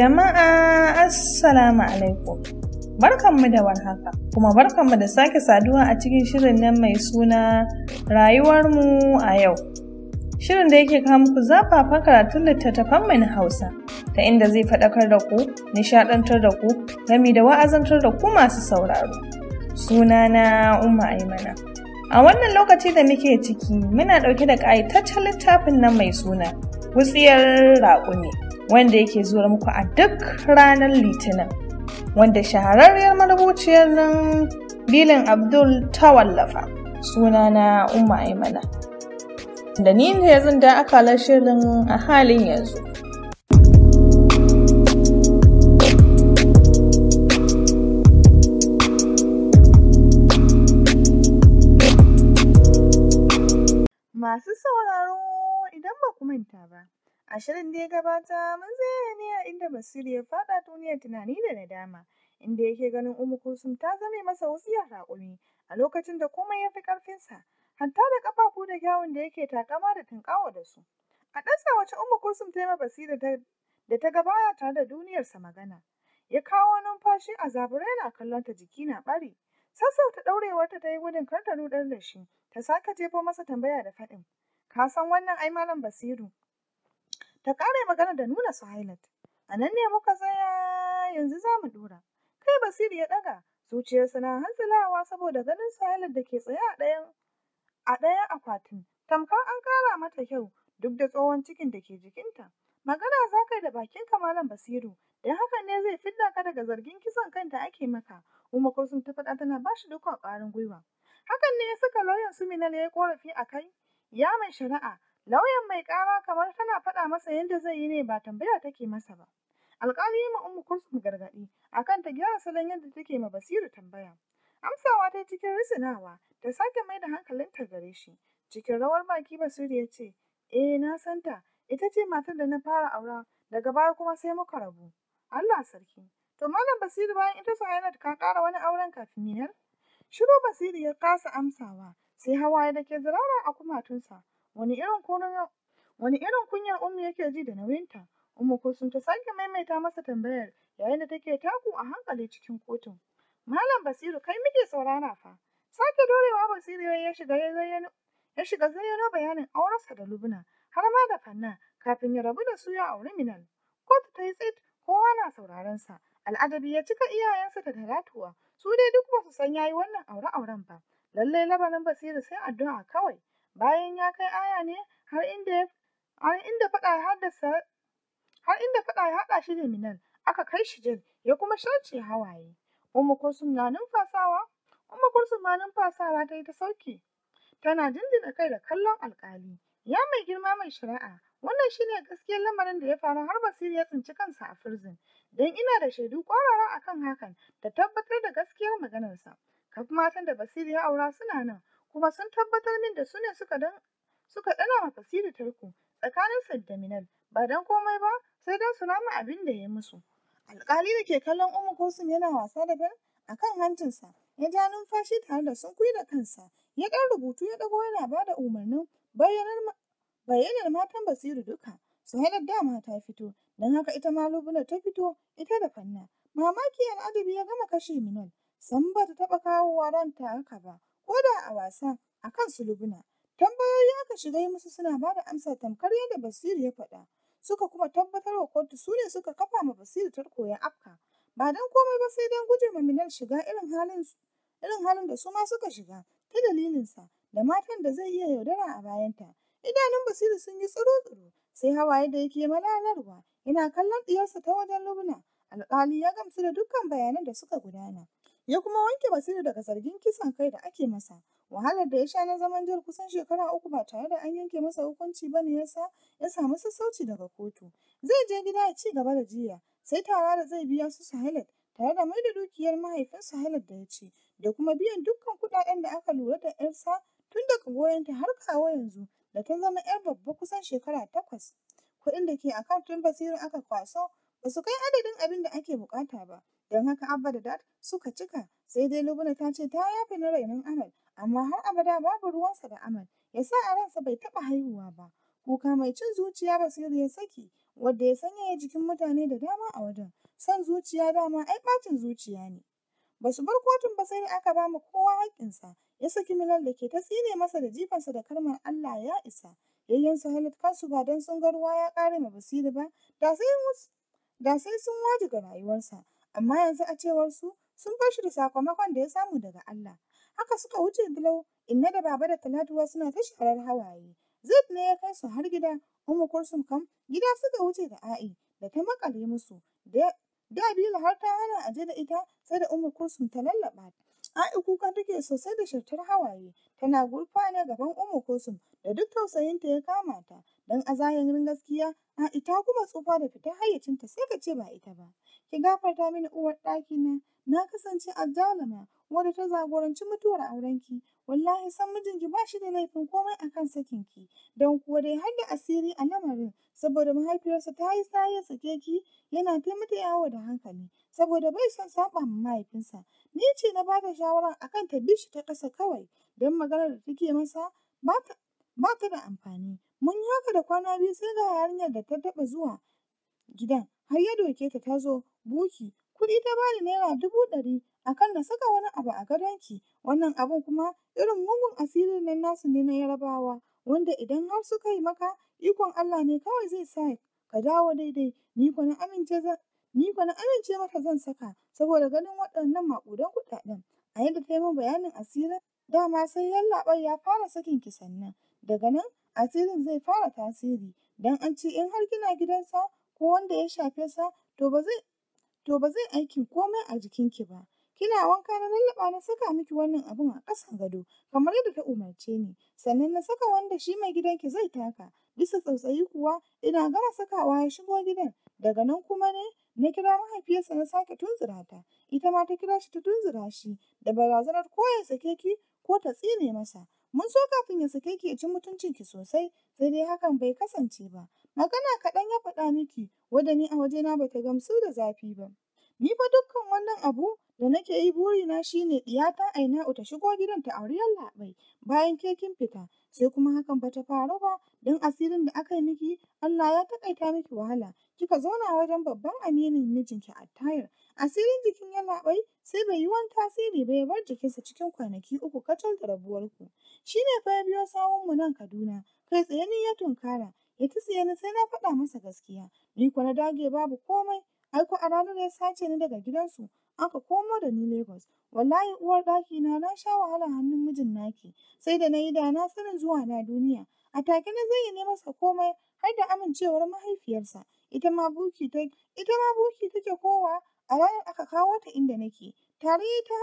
Jama'a Assalamu alaikum. Barkanmu da warhaka, kuma barkanmu da sake saduwa a cikin shirin nan mai suna rayuwarmu a yau. Shirin da yake kawo muku zafafan karatun littattafan mai na Hausa, ta inda zai faɗakar da ku, nishaɗantar da ku, gami da wa'azantar da ku masu sauraro. Suna na Umma Aimana. A wannan lokaci da muke ciki, muna ɗauke da ƙayataccen littafin nan mai suna, wutsiyar raƙumi. wanda yake zuwa muku a duk ranar litinin wanda shahararriyar marubuciyar nan bilin abdul ta wallafa na umma aimana da ni ne zan da aka shirin a halin yanzu masu sauraro idan ba ku manta ba A shirin da ya gabata, mun tsaya ne a inda Basiru ya faɗa duniyar tunani da nadama, inda yake ganin umu Kulsum ta zame masa wutsiyar raƙumi a lokacin da komai ya fi ƙarfinsa, hatta da ƙafafu da kyawun da yake takama da tunƙawa da su. A ɗansa wace umu Kulsum ta yi ma Basira da ta gabaya tare da duniyarsa magana. Ya kawo numfashi a zaburai na kallon ta jiki na ɓari. Sassauta ɗaurewarta ta yi gudun kar ta ruɗar da shi, ta sake jefo masa tambaya da faɗin. Ka san wannan ai Malam Basiru, ta ƙare magana da nuna su A nan ne muka tsaya yanzu za mu ɗora. Kai Basiru ya ɗaga zuciyarsa na hantsilawa saboda ganin su da ke tsaye a ɗayan a ɗayan akwatin. Tamkar an ƙara mata kyau duk da tsohon cikin da ke jikinta. Magana za ka yi da bakin kamalan Basiru, dan haka ne zai fidda ka daga zargin kisan kanta ake maka. Umma sun ta faɗa tana ba shi dukkan ƙwarin gwiwa. Hakan ne ya saka lauyan Suminal ya yi ƙorafi a kai. Ya mai shari'a, Lauyan mai ƙara kamar tana faɗa masa yadda zai yi ne ba tambaya take masa ba. Alƙali ya ma Ummu Kulsum gargaɗi akan ta gyara salon yadda take ma Basiru tambaya. Amsawa ta cikin risinawa ta sake mai da hankalinta gare shi. Cikin rawar baki Basiru ya ce, "Eh na santa, ita ce matar da na fara aura, daga baya kuma sai muka rabu." Allah sarki. To Malam Basiru bayan ita Sayanat ka kara wani auren kafin minar? Shiru Basiru ya kasa amsawa, sai hawaye da ke zirara a kumatunsa Wani irin kunya, wani irin kunyar Ummi yake ji da nauyinta? Ummu sun ta sake maimaita masa tambayar yayin da take taku a hankali cikin kotun. Malam Basiru kai muke saurara fa. Sake dorewa Basiru ya shiga ya shiga zayyano bayanin aurensa da Lubuna. har ma da Fanna kafin ya rabu da su ya auri Minal. Kotu ta yi tsit kowa na sauraron sa. Al'adabi ya cika iyayensa da talatuwa su dai duk ba su san yayi wannan aure-auren ba. Lallai labarin Basiru sai addu'a kawai. bayan ya kai aya ne har inda har inda faɗa ya haddasa har inda faɗa ya haɗa shi da minan aka kai shi jin ya kuma shauce hawaye Umma kursun na numfasawa Umma kursun ma numfasawa ta yi ta sauki tana dindina kai da kallon alƙali ya mai girma mai shari'a wannan shine gaskiyar lamarin da ya faru har Basiru ya tsinci kansa a firzin don ina da shaidu kwarara akan hakan da tabbatar da gaskiyar maganarsa kafin matan da Basiru ya aura suna nan kuma sun tabbatar min da su ne suka dan suka dana tarko tsakaninsa da Minal ba dan komai ba sai dan su rama abin da ya musu. alkali da ke kallon Umu Kulsum yana wasa da a akan hancinsa ya ja numfashi tare da sun da kansa ya ɗan rubutu ya ɗago yana ba da umarnin bayyanar matan Basiru duka. Su Suhaila dama ta fito, dan haka ita ma lubuna ta fito, ita da Fanna. Mamaki adabi ya gama kashe Minal, san ba ta taɓa kawowa ranta haka ba. Koda, a wasa a kan sulubuna. Tambayoyi aka shiga yi musu suna ba da amsa tamkar yadda Basiru ya faɗa. Suka kuma tabbatar wa kotu su ne suka kafa ma Basiru tarko ya afka. Ba don komai ba sai don guje ma Minal shiga irin halin irin halin da su ma suka shiga ta dalilinsa da matan da zai iya yaudara a bayanta. Idanun Basiru sun yi tsiro-tsiro sai hawaye da yake malalarwa ina kallon ɗiyarsa ta wajen lubuna. Alƙali ya gamsu da dukkan bayanan da suka gudana. ya kuma wanke Basiru daga zargin kisan kai da ake masa. Wahalar da ya sha na zaman jar kusan shekara uku ba tare da an yanke masa hukunci ba ne yasa ya samu sassauci daga kotu. Zai je gida ya ci gaba da jiya, sai tara da zai biya su Sahilat tare da mai da dukiyar mahaifin Sahilat da ya ci, da kuma biyan dukkan kuɗaɗen da aka lura da ‘yarsa tun daga goyonta har kawo yanzu da ta zama ‘yar babba kusan shekara takwas. Kuɗin da ke tun Basiru aka kwaso ba su kai adadin abin da ake buƙata ba. don haka Abba da Dad suka cika sai dai Lubna ta ce ta yafe na rainon Amal amma har abada babu ruwansa da Amal ya sa a ransa bai taɓa haihuwa ba kuka mai cin zuciya Basiru ya saki wadda ya sanyaya jikin mutane da dama a wajen San zuciya dama ai ɓacin zuciya ne ba su bar kotun ba sai aka ba mu kowa haƙƙinsa ya saki milal da ke ta tsine masa da jifansa da kalmar Allah ya isa yayyan su halit kansu ba don sun ga ruwa ya ƙare ma Basiru ba da sai sun waje ga rayuwarsa amma yanzu a cewar su sun bar shi da sakamakon da ya samu daga Allah. Haka suka wuce Bilau, inna da baba da Talatuwa suna ta sharar hawaye. Zaid ne ya kai su har gida, Ummu kam gida suka wuce da A'i da ta makale musu. Da Dabila har ta hana aje da ita sai da Ummu Kulsum ta lallaba ta. A'i kuka take sosai da shartar hawaye, tana gurfana gaban Ummu da duk tausayinta ya kama ta. dan a rin gaskiya a ita kuma tsufa da fita hayyacinta sai ka ce ba ita ba ki gafarta mini uwar ɗaki na na kasance azzaluma wadda ta zagoranci mutuwar aurenki wallahi san mijinki ba shi da laifin komai akan sakin ki don kuwa dai har da asiri a lamarin saboda mahaifiyarsa ta yi saye sake ki yana ta mata yawo da hankali saboda bai son saba ma mahaifinsa ni ce na ba ta shawara kan ta bi shi ta ƙasa kawai don maganar da take masa ba ta da amfani Mun yi haka da kwana biyu sai ga yarinyar da ta taɓa zuwa gidan har ya doke ta ta zo buki kuɗi ta bani naira dubu ɗari A kan na saka wani abu a gadonki wannan abun kuma irin mugun asirin nan nasu ne na yarabawa wanda idan har suka yi maka ikon Allah ne kawai zai sa ka dawo daidai ni ko na amince ni ko na amince maka zan saka saboda ganin waɗannan maƙudan kuɗaɗen a yadda ta yi min bayanin asirin dama sai yallaɓai ya fara sakin ki sannan daga nan asirin zai fara tasiri don an in har kina gidansa ko wanda ya shafe sa to ba zai to aikin komai a jikin ki ba. Kina wanka na lallaɓa na saka miki wannan abun a ƙasan gado kamar yadda ta umarce ni sannan na saka wanda shi mai gidan ki zai taka bisa tsautsayi kuwa ina gama sakawa ya shigo gidan daga nan kuma ne na kira mahaifiyarsa na sake tunzura ta ita ma ta kira shi ta tunzura shi da barazanar ko ya sake ki ko ta tsine masa. Mun so kafin ya sake ki ci mutuncin ki sosai, sai dai hakan bai kasance ba. Magana kaɗan ya faɗa miki, wanda ni a wajena ba ta gamsu da zafi ba. Ni fa dukkan wannan abu da nake yi buri na shine ɗiyata aina uta shigo gidan ta auri yallaɓai bayan kekin fita, sai kuma hakan ba ta faru ba don asirin da aka yi miki Allah ya takaita miki wahala kika zauna wajen babban aminin mijinki a Tayar? asirin jikin yana bai sai bai yi wani tasiri ba ya bar jikinsa cikin kwanaki uku kacal da rabuwarku shi ne fa ya biyo sawun mu nan Kaduna kai tsaye ni ya tunkara ya ta tsaye ni sai na faɗa masa gaskiya ni kuwa na dage babu komai ai ko a ranar ya sace ni daga gidansu aka komo da ni Lagos. Wallahi uwar ɗaki na na sha wahala hannun mijin naki, sai da na yi da na sanin zuwa na duniya. A take zai yi masa komai har da amincewar mahaifiyarsa, ita ma Buki ta ita ma Buki take kowa a ranar aka kawo ta inda nake. Tare ta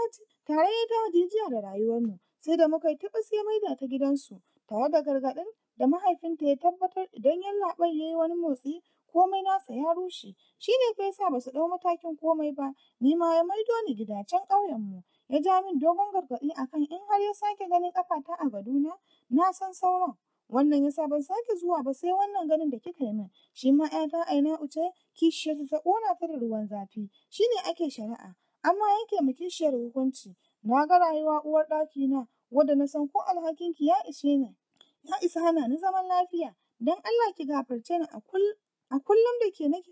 tare ta jiya da rayuwarmu, sai da muka yi taɓa sai maida ta gidansu tare da gargaɗin da mahaifinta ya tabbatar idan yallaɓai ya yi wani motsi komai nasa ya rushe shi ne ka yasa ba su ɗau matakin komai ba ni ma ya maido ni gida can ƙauyenmu ya ja min dogon gargaɗi akan in har ya sake ganin ƙafata a gadona na san sauran Wannan yasa ban sake zuwa ba sai wannan ganin da kika yi min. Shi ma ‘yata aina uce kishiyar ta ƙona ta da ruwan zafi. Shi ne ake shari'a. Amma yake mu kishiyar hukunci. Na ga rayuwa uwar na. wadda na san ko alhakin ki ya ishe ni. Ya isa hana ni zaman lafiya. Don Allah ki gafarce ni a kullum da ke nake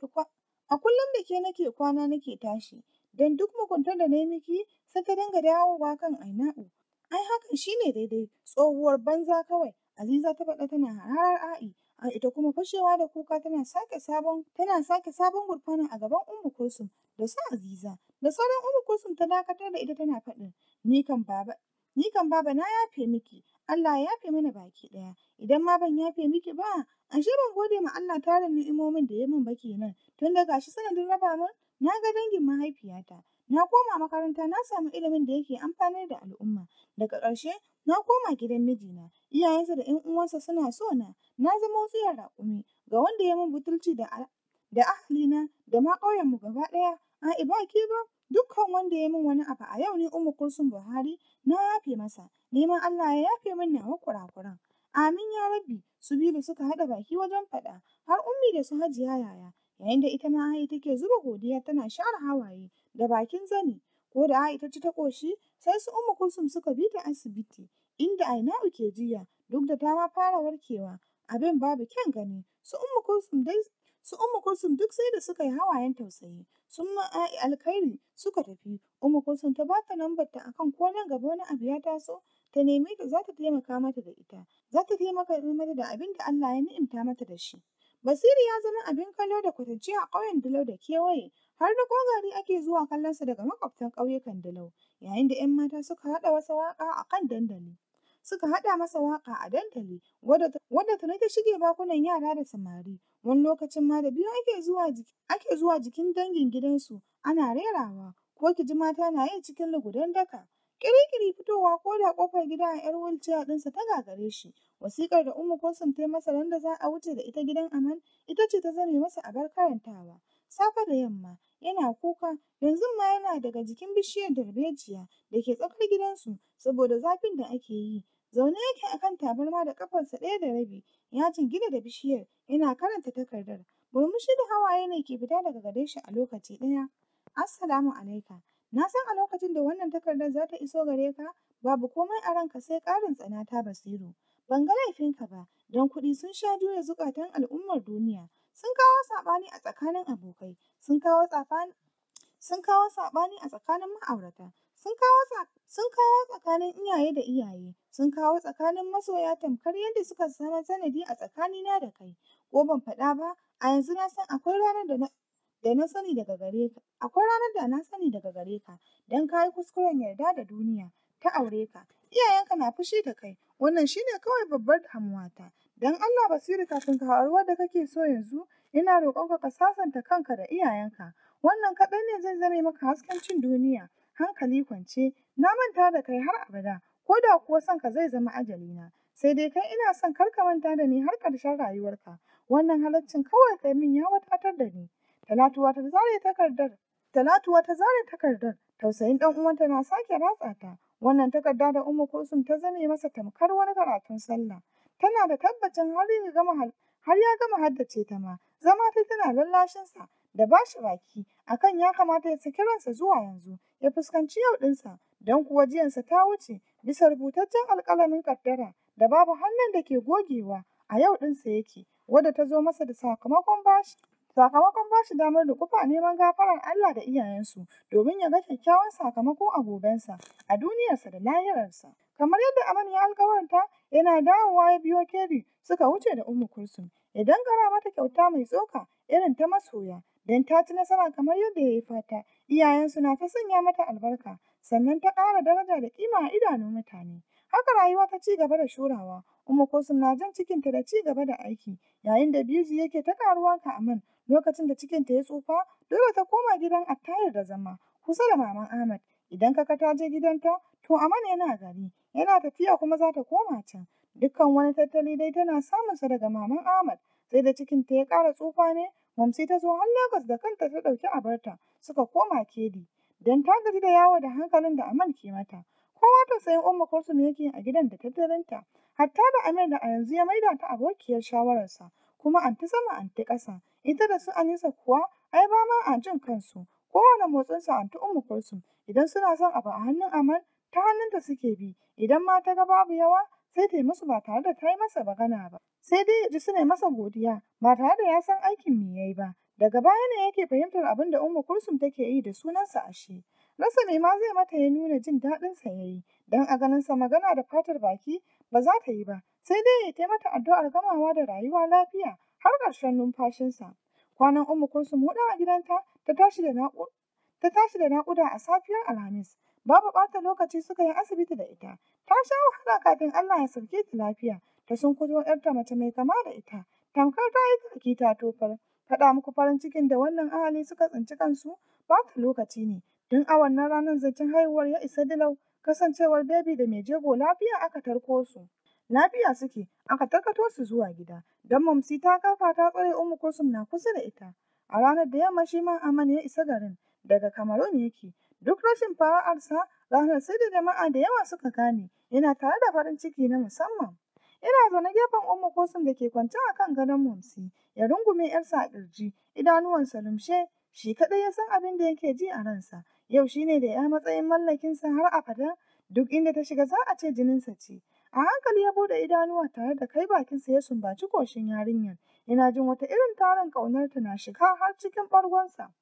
a kullum da ke kwana nake tashi. Don duk muguntar da na yi miki sai ta dinga dawowa kan Aina'u. Ai hakan shi ne daidai, tsohuwar banza kawai. Aziza ta faɗa tana hararar A'i, a ita kuma fashewa da kuka tana sake sabon tana sake sabon gurfana a gaban Ummu Kulsum da su Aziza. Da sauran Ummu Kulsum ta dakatar da ita tana faɗin, ni kan baba ni kan baba na yafe miki, Allah ya yafe mana baki ɗaya. Idan ma ban yafe miki ba, ashe ban gode ma Allah tarin ni'imomin da ya min ba kenan. Tun da gashi sanadin raba min, na ga dangin mahaifiyata. Na koma makaranta na samu ilimin da yake amfani da al'umma. Daga ƙarshe Na koma gidan mijina, iyayensa da ƴan uwansa suna so na, na zama yara raƙumi ga wanda ya min butulci da da na da ma ƙauyen mu gaba ɗaya. a ba ke ba, dukkan wanda ya min wani abu a yau Umu ko Kulsum Buhari na yafe masa, neman Allah ya yafe min nawa kurakuran. Amin ya Rabbi, su biyu da suka haɗa baki wajen faɗa, har Ummi da su Hajiya yaya, yayin da ita ma A'i take zuba godiya tana share hawaye da bakin zani. ko da ci ta ƙoshi sai su Umma Kulsum suka bi ta asibiti inda Aina'u uke jiya duk da ta ma fara warkewa abin babu kyan gani su Umma Kulsum dai su Umma Kulsum duk sai da suka yi hawayen tausayi sun ma ai alkhairi suka tafi Umma Kulsum ta bata lambar ta akan ko nan gaba wani abu ya taso ta nemi ta za ta taimaka mata da ita za ta taimaka mata da abin da Allah ya ni'imta mata da shi Basiru ya zama abin kallo da kwatance a ƙauyen Dalau da kewaye har riƙo gari ake zuwa kallon sa daga makwabtan ƙauyukan Dalau, yayin da ‘yan mata suka haɗa wasa waƙa a kan dandali. Suka haɗa masa waƙa a dandali, wadda tuni ta shige bakunan yara da samari, wani lokacin ma da biyu ake zuwa ake zuwa jikin dangin gidansu ana rerawa, ko ki ji mata na yin cikin lugudan daka. Kirikiri fitowa ko da ƙofar gida a ‘yar wheelchair ɗinsa ta gagare shi, wasiƙar da umu Kulsum ta yi masa ran da za a wuce da ita gidan Aman, ita ce ta zame masa abar karantawa. safe da yamma yana kuka yanzun ma yana daga jikin bishiyar darbejiya da ke tsakar gidansu saboda zafin da ake yi. Zaune yake kan tabarma da ƙafarsa ɗaya da rabi ya jingina da bishiyar yana karanta takardar. Murmushi da hawaye ne ke fita daga gare shi a lokaci ɗaya. Assalamu alaika. Na san a lokacin da wannan takardar za ta iso gare ka babu komai a ranka sai ƙarin tsana ta basiru. Ban ga laifinka ba don kuɗi sun sha juya zukatan al'ummar duniya sun kawo saɓani a tsakanin abokai, sun kawo saɓani sun kawo saɓani a tsakanin ma'aurata, sun kawo sun kawo tsakanin iyaye da iyaye, sun kawo tsakanin masoya tamkar yadda suka zama sanadi a tsakanina da kai. Ko ban faɗa ba, a yanzu na san akwai ranar da na da na sani daga gare ka akwai ranar da na sani daga gare ka don ka kuskuren yarda da duniya ta aure ka iyayenka na fushi da kai Wannan shine kawai babbar damuwata. dan Allah basiri kafin ka haruwa da kake so yanzu, ina roƙon ka sasanta kanka da iyayenka. Wannan kaɗai ne zai zame maka hasken cin duniya. Hankali kwance, na manta da kai har abada, ko da kuwa son ka zai zama ajali na. Sai dai kai ina son kar ka manta da ni har ƙarshen rayuwarka. Wannan halaccin kawai kai min ya wadatar da ni. Talatuwa ta zare takardar Talatu wata zare takardar, tausayin ɗan uwanta na sake ratsa ta. Wannan takarda da Umma Kulsum ta zame masa tamkar wani karatun sallah. Tana da tabbacin har ya gama har ya gama haddace ta ma. Zama ta tana lallashinsa da bashi shi baki akan ya kamata ya saki ransa zuwa yanzu ya fuskanci yau ɗinsa don kuwa jiyansa ta wuce bisa rubutaccen alƙalamin ƙaddara da babu hannun da ke gogewa a yau ɗinsa yake wadda ta zo masa da sakamakon bashi Sakamakon ba shi damar da kufa neman gafarar Allah da iyayensu domin ya ga kyakkyawan sakamako a gobensa, a duniyarsa da lahirarsa. Kamar yadda Aman ya alkawarta, yana dawowa ya biyo Keri suka wuce da Ummu Kulsum. Ya dangara mata kyauta mai tsoka irin ta masoya, don ta ci nasara kamar yadda ya yi fata. Iyayensu na ta sanya mata albarka, sannan ta ƙara daraja da ƙima a idanun mutane. Haka rayuwa ta ci gaba da shurawa, kuma Kosim na jan cikinta da ci gaba da aiki, yayin da Bizi yake ta karuwa ka aman lokacin da cikinta ya tsufa, dole ta koma gidan attayar da zama kusa da maman Ahmad. Idan ka ta je gidanta, to aman yana gari, yana tafiya kuma za ta koma can. Dukkan wani tattali dai tana samun sa daga maman Ahmad, sai da cikinta ya ƙara tsufa ne, Mamsi ta zo har Lagos da kanta ta ɗauki abarta suka koma Kedi. Don ta gaji da yawo da hankalin da Aman ke mata. Kowa ta sayan Umma Kulsum yake a gidan da tattalinta. Hatta da Amir da a yanzu ya maida ta abokiyar shawararsa, kuma anti sama ta ƙasa, ita da su Anisa kuwa ai ba ma a jin kansu. Kowane motsinsa anti umu Kulsum idan suna son abu a hannun Amir ta hannun ta suke bi, idan ma ta ga babu yawa sai ta yi musu ba tare da ta yi masa magana ba. Sai dai ji ne masa godiya ba tare da ya san aikin me yayi ba. Daga baya ne yake fahimtar abin da umu Kulsum take yi da sunansa ashe. Rasa ne ma zai mata ya nuna jin daɗinsa ya yi, don a ganin sa magana da fatar baki ba za ta yi ba, sai dai ya taimata addu'ar gamawa da rayuwa lafiya har ƙarshen numfashinsa. Kwanan Ummu Kulsum huɗu a gidanta ta tashi da naƙuda a safiyar Alhamis. Babu ɓata lokaci suka yi asibiti da ita. Ta sha wahala kafin Allah ya sauke ta lafiya. Ta sunkujo ‘yarta mace mai kama da ita. Tamkar ta yi kaki ta tofar. Faɗa muku farin cikin da wannan ahali suka tsinci kansu ɓata lokaci ne. Tun a wannan ranar zancen haihuwar ya isa dilau. Kasancewar Bebi da mai jego lafiya aka tarko su. Lafiya suke, aka tarkato su zuwa gida, don Mamsi ta kafa ta tsare Umu Kulsum na kusa da ita. A ranar da yamma shi ma Aman ya isa garin, daga ne yake. Duk rashin fara'arsa ranar sai da jama'a da yawa suka gane, yana tare da farin ciki na musamman. Ina zaune gefen Umu Kulsum da ke kwance a kan gadon Mamsi, ya rungume ‘yarsa a ƙirji, idanuwansa lumshe, shi kaɗai ya san abin da yake ji a ransa. Yau shi ne da ya matsayin mallakinsa har a abada, duk inda ta shiga za a ce jininsa ce. A hankali ya bude idanuwa tare da kai bakinsa ya sumbaci koshin yarinyar, yana jin wata irin tarin ƙaunarta na shiga har cikin bargonsa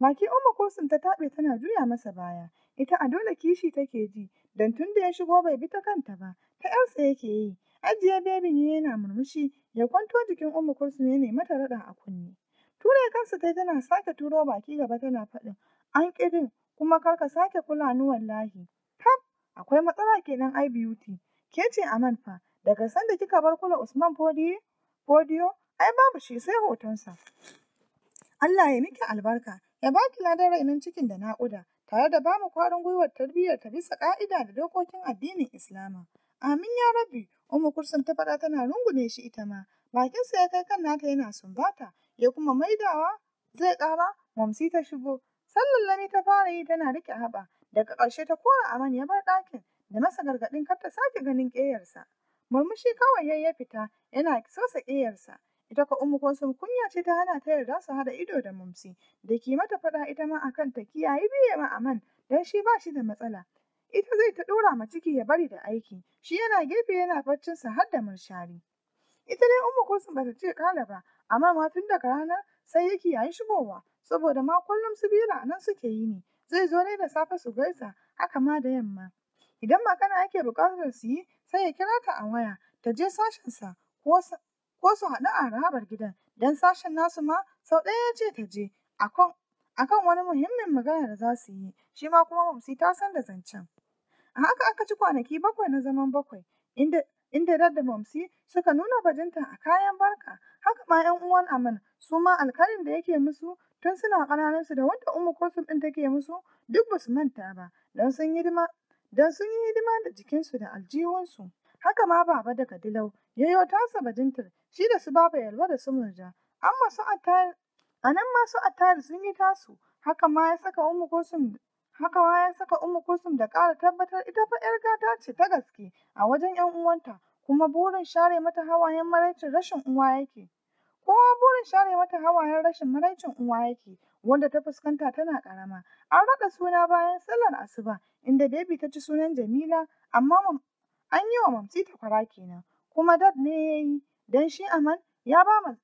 Maki Umma Kursun ta taɓe tana juya masa baya, ita a dole kishi take ji, Dan tun da ya shigo bai bi ta kanta ba, ta ƴarsa yake yi. Ajiye bebin ya yana murmushi, ya kwanto jikin Umma Kursun ya mata raɗa a kunne. Ture kansa tai tana sake turo baki gaba tana faɗin, an ƙirin kuma kar ka sake kula ni wallahi. Tab, akwai matsala kenan ai beauty. Ke ce Aman fa, daga sanda kika bar kula Usman podiyo, Fodiyo, ai babu shi sai hotonsa. Allah ya miki albarka, ya ba ki ladan rainin cikin da naƙuda, tare da bamu kwarin gwiwar tarbiyyar ta bisa ƙa'ida da dokokin addinin Islama. Amin ya rabbi, Ummu Kursun ta faɗa tana rungume shi ita ma, bakinsa ya kai kan nata yana sumbata, ya kuma maidawa zai ƙara, mamsi ta shigo, Sallan Lami ta fara yi tana riƙe haɓa, daga ƙarshe ta kora Aman ya bar ɗakin da masa gargaɗin kar ta sake ganin ƙeyarsa. Murmushi kawai ya ya fita yana sosa ƙeyarsa. Ita ko Umu kunya ce ta hana ta yarda su hada ido da Mumsi da ki mata faɗa ita ma akan ta kiyaye biye ma Aman dan shi ba shi da matsala. Ita zai ta ɗora ma ciki ya bari da aiki, shi yana gefe yana sa har da murshari. Ita dai Ummu Kulsum bata ce ƙala ba, amma ma tun daga rana sai yake yayi shigowa saboda ma kullum su biyu a nan suke yi ne zai zo ne da safe su gaisa haka ma da yamma idan magana ake buƙatar su yi sai ya kira ta a waya ta je sashensa ko su haɗu a harabar gidan dan sashen nasu ma sau ɗaya ya ce ta je akan wani muhimmin magana da za su yi shi ma kuma mamsi ta san da zancen a haka aka ci kwanaki bakwai na zaman bakwai inda inda dadda mamsi suka nuna bajinta a kayan barka haka ma yan uwan amin su ma alkalin da yake musu tun suna su da wanda umu Kulsum ɗin take musu duk ba su manta ba don sun yi hidima don sun yi hidima da jikinsu da aljihunsu. Haka ma baba da Kadilau yayo tasa bajintar shi da su baba yalwa da su murja. Amma su a nan ma su sun yi tasu haka ma ya saka Ummu Kulsum haka ma ya saka da ƙara tabbatar ita fa 'yar gata ce ta gaske a wajen 'yan uwanta kuma burin share mata hawayen maraicin rashin uwa yake. kowa burin share mata hawayen rashin maraicin uwa yake wanda ta fuskanta tana karama an raɗa suna bayan sallar asuba inda baby ta ci sunan jamila amma an yi wa mamsi kwara kenan kuma dad ne ya yi dan shi aman ya ba ma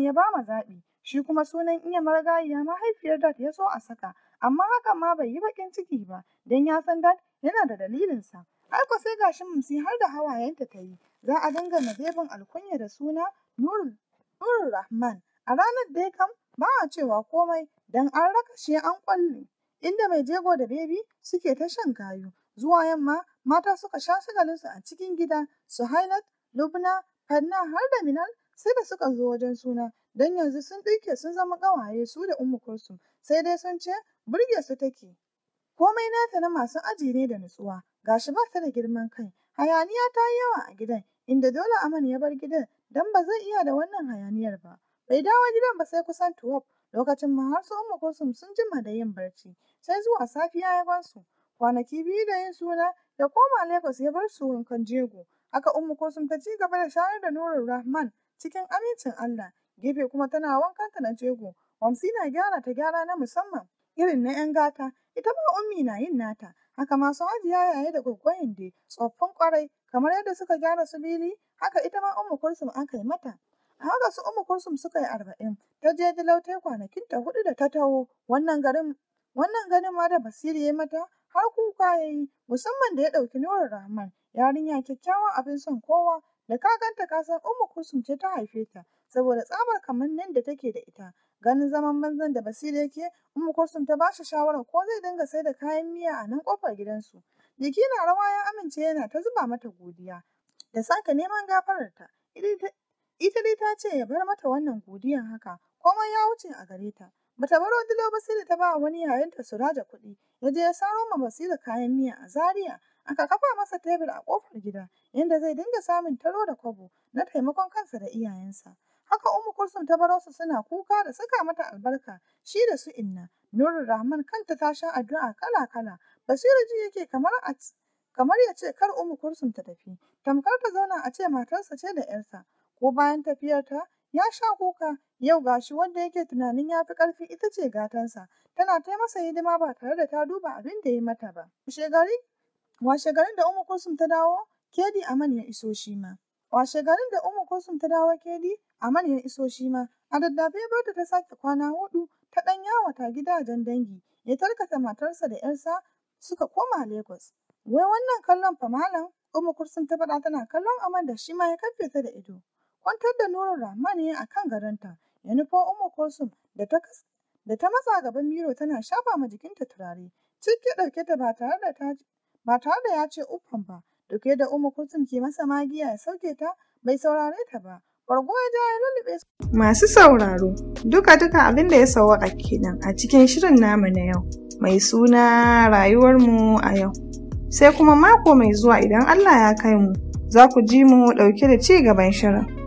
ya ba ma zaɓi shi kuma sunan iya ya mahaifiyar dad ya so a saka amma hakan ma bai yi baƙin ciki ba dan ya san dad yana da dalilinsa aiko sai gashin mamsi har da hawayenta ta yi za a dangana bebin alkunya da suna nurul Habibur Rahman a ranar dai kam ba a cewa komai don an raka shi an kwalle inda mai jego da bebi suke ta shan kayu zuwa yamma mata suka sha shagalinsu a cikin gida su Hailat, Lubna, Fanna har da Minal sai da suka zo wajen suna don yanzu sun ɗinke sun zama ƙawaye su da umukursu sai dai sun ce burge su take. Komai nata na masu aji ne da nutsuwa gashi ba ta da girman kai hayaniya ta yi yawa a gidan inda dole aman ya bar gidan don ba zai iya da wannan hayaniyar ba. Bai dawo gidan ba sai kusan 12 lokacin ma har su Umma sun jima da yin barci sai zuwa safiya ya su. Kwanaki biyu da yin suna ya koma Lagos ya bar su wankan jego. Haka Umma ta ci gaba da shayar da Nurul Rahman cikin amincin Allah. Gefe kuma tana wankan ta na jego. Wamsi na gyara ta gyara na musamman irin na 'yan gata. Ita ba Ummi na yin nata. Haka masu hajiya yayi da gwaggwayin dai tsoffin kwarai kamar yadda suka gyara su bili haka ita ma Ummu Kulsum aka yi mata. A haka su Ummu Kulsum suka yi arba'in, ta je dilautai kwanakin ta hudu da ta taho wannan garin wannan ganin ma da Basiri ya mata har kuka ya yi musamman da ya ɗauki Nura Rahman yarinya kyakkyawan abin son kowa da ka ganta ka san Ummu Kulsum ce ta haife ta saboda tsabar nan da take da ita ganin zaman banzan da Basiri yake Ummu Kulsum ta bashi shawara ko zai dinga sai da kayan miya a nan kofar gidansu jiki na rawa ya amince yana ta zuba mata godiya da sake neman gafararta, ita dai ta ce ya bar mata wannan godiyan haka, komai ya wuce a gare ta. Bata baro dilo ba sai da ta ba wani yayanta Suraja kuɗi, ya je ya saro ma Basira kayan miya a Zaria, aka kafa masa tebur a kofar gida, yadda zai dinga samun taro da kwabo na taimakon kansa da iyayensa. Haka Umu Kulsum ta baro su suna kuka da saka mata albarka, shi da su inna. Nurul Rahman kanta ta sha addu'a kala-kala, Basiru ji yake kamar a kamar ya ce kar umu kursun ta tafi, tamkar ta zauna a ce matarsa ce da ‘yarsa, ko bayan tafiyarta ya sha kuka yau gashi wanda yake tunanin ya fi karfi ita ce gatansa, tana ta masa hidima ba tare da ta duba abin da ya mata ba. Washe garin da umu kursun ta dawo, Kedi Aman ya iso shi ma. Washe garin da umu kursun ta dawo Kedi, Aman ya iso shi ma, a daddafe bata ta sake kwana hudu ta ɗan yawata gidajen dangi, ya tarkata matarsa da ‘yarsa suka koma Lagos. Wai wannan kallon fa malam, Ummu Kursun ta faɗa tana kallon Aman da shi ma ya kafe ta da ido. Kwantar da nurar Rahman ne a kan garanta ya nufo Ummu Kursun da ta da ta matsa gaban Miro tana shafa ma jikinta turare. Cikin ɗauke ta ba tare da ya ce uffan ba, duk da Ummu Kursun ke masa magiya ya sauke ta bai saurare ta ba. Bargo ya ja ya su. Masu sauraro, duka-duka abin da ya sauwaka kenan a cikin shirin namu na yau, mai suna rayuwarmu a yau. sai kuma mako mai zuwa idan Allah ya kai mu za ku ji mu ɗauke da ci gaban shirin.